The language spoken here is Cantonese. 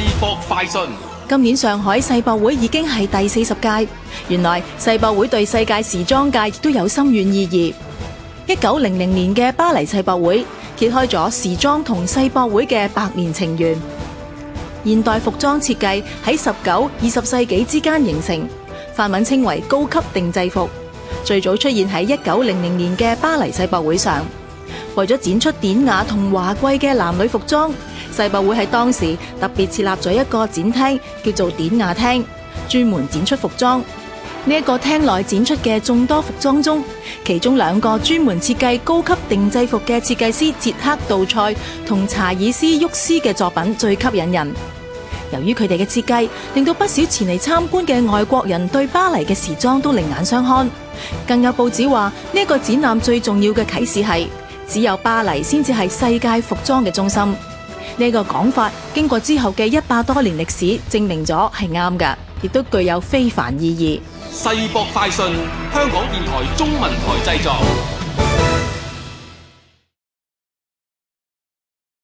世博快訊：今年上海世博會已經係第四十屆，原來世博會對世界時裝界亦都有深遠意義。一九零零年嘅巴黎世博會揭開咗時裝同世博會嘅百年情緣。現代服裝設計喺十九、二十世紀之間形成，法文稱為高級定制服，最早出現喺一九零零年嘅巴黎世博會上，為咗展出典雅同華貴嘅男女服裝。世博會喺當時特別設立咗一個展廳，叫做典雅廳，專門展出服裝。呢、這、一個廳內展出嘅眾多服裝中，其中兩個專門設計高級定制服嘅設計師捷克杜塞同查爾斯沃斯嘅作品最吸引人。由於佢哋嘅設計，令到不少前嚟參觀嘅外國人對巴黎嘅時裝都另眼相看。更有報紙話，呢、這個展覽最重要嘅啟示係，只有巴黎先至係世界服裝嘅中心。呢個講法經過之後嘅一百多年歷史，證明咗係啱㗎，亦都具有非凡意義。世博快訊，香港電台中文台製作。